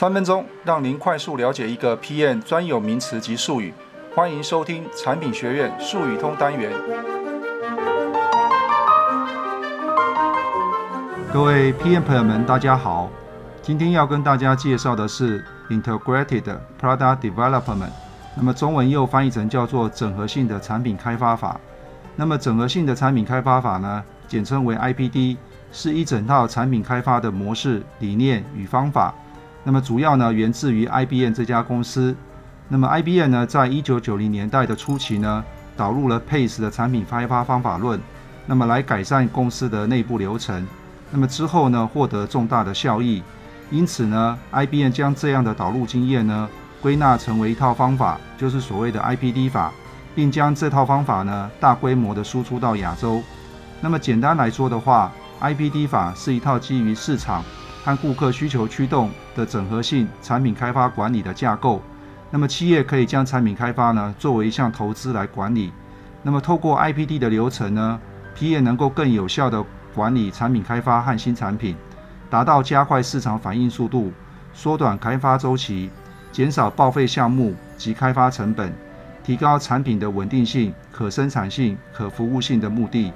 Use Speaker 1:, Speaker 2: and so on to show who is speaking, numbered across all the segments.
Speaker 1: 三分鐘讓您快速了解一個 PM 專有名詞及術語。歡迎收聽產品學院術語通單元。各位 PM 朋友們，大家好。今天要跟大家介紹的是 Integrated Product Development，那麼中文又翻譯成叫做整合性的產品開發法。那麼整合性的產品開發法呢，簡稱為 IPD，是一整套產品開發的模式、理念與方法。那麼主要呢源自於 IBM 這家公司。那麼 IBM 呢，在一九九零年代的初期呢，導入了 PACE 的產品開發發方法論，那麼來改善公司的內部流程。那麼之後呢，獲得重大的效益。因此呢，IBM 將這樣的導入經驗呢，歸納成為一套方法，就是所謂的 IPD 法，並將這套方法呢，大規模的輸出到亞洲。那麼簡單來說的話，IPD 法是一套基於市場。按顧客需求驅動的整合性產品開發管理的架構，那麼企業可以將產品開發呢作為一項投資來管理。那麼，透過 IPD 的流程呢，企業能夠更有效地管理產品開發和新產品，達到加快市場反應速度、縮短開發週期、減少報廢項目及開發成本、提高產品的穩定性、可生產性、可服務性的目的。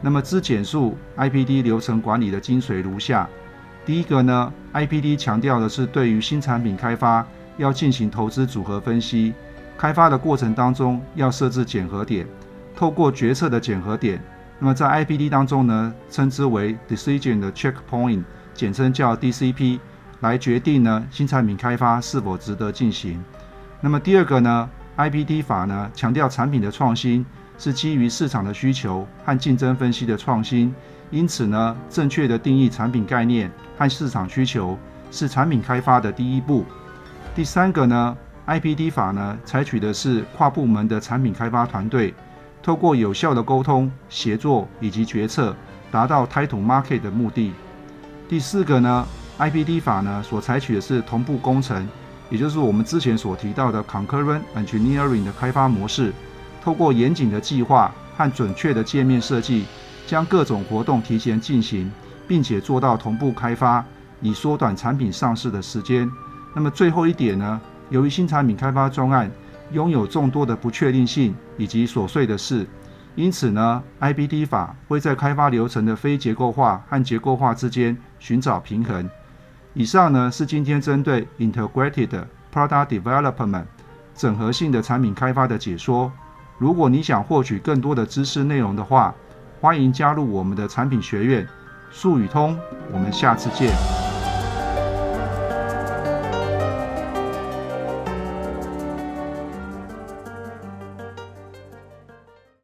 Speaker 1: 那麼之減數，之簡述 IPD 流程管理的精髓如下。第一個呢，IPD 強調的是對於新產品開發要進行投資組合分析，開發的過程當中要設置檢核點，透過決策的檢核點，那麼在 IPD 當中呢，稱之為 decision 的 checkpoint，簡稱叫 DCP，來決定呢新產品開發是否值得進行。那麼第二個呢，IPD 法呢強調產品的創新是基於市場的需求和競爭分析的創新，因此呢，正確的定義產品概念。和市場需求是產品開發的第一步。第三個呢，IPD 法呢採取的是跨部門的產品開發團隊，透過有效的溝通、協作以及決策，達到 time to market 的目的。第四個呢，IPD 法呢所採取的是同步工程，也就是我們之前所提到的 Concurrent Engineering 的開發模式，透過嚴謹的計劃和準確的界面設計，將各種活動提前進行。並且做到同步開發，以縮短產品上市的時間。那麼最後一點呢，由於新產品開發專案擁有眾多的不確定性以及瑣碎的事，因此呢，IPD 法會在開發流程的非結構化和結構化之間尋找平衡。以上呢，是今天針對 Integrated Product Development 整合性的產品開發的解說。如果你想獲取更多的知識內容的話，歡迎加入我們的產品學院，術語通，我們下次見。